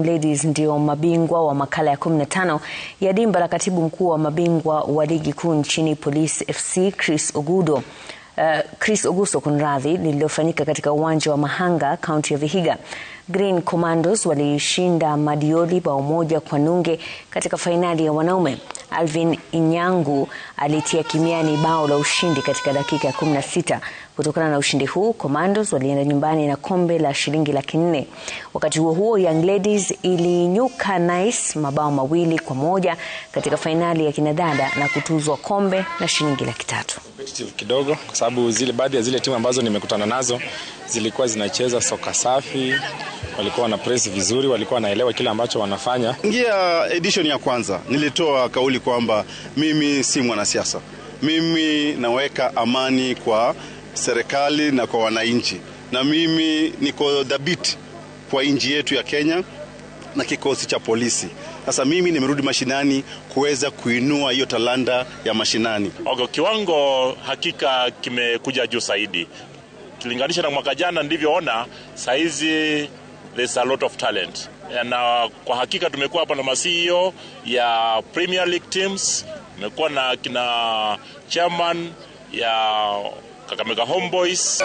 Young Ladies ndio mabingwa wa makala ya 15 ya dimba la katibu mkuu wa mabingwa wa ligi kuu nchini Police FC Chris Ogudo uh, Chris Oguso kunradhi, lililofanyika katika uwanja wa Mahanga, kaunti ya Vihiga. Green Commandos walishinda Madioli bao moja kwa nunge katika fainali ya wanaume. Alvin Inyangu alitia kimiani bao la ushindi katika dakika ya sita Kutokana na ushindi huu, Commandos walienda nyumbani na kombe la shilingi laki nne. Wakati huo huo, Young Ladies iliinyuka Nice mabao mawili kwa moja katika fainali ya kinadada na kutuzwa kombe na shilingi laki tatu. Kidogo kwa sababu zile baadhi ya zile timu ambazo nimekutana nazo zilikuwa zinacheza soka safi, walikuwa wana press vizuri, walikuwa wanaelewa kile ambacho wanafanya. Ingia edition ya kwanza nilitoa kauli kwamba mimi si mwanasiasa, mimi naweka amani kwa serikali na kwa wananchi, na mimi niko dhabiti kwa nchi yetu ya Kenya na kikosi cha polisi. Sasa mimi nimerudi mashinani kuweza kuinua hiyo talanta ya mashinani. Ogo, kiwango hakika kimekuja juu zaidi ukilinganisha na mwaka jana ndivyoona saizi there's a lot of talent na kwa hakika tumekuwa hapa na masio e ya Premier League teams, tumekuwa na kina chairman ya Kakamega Homeboys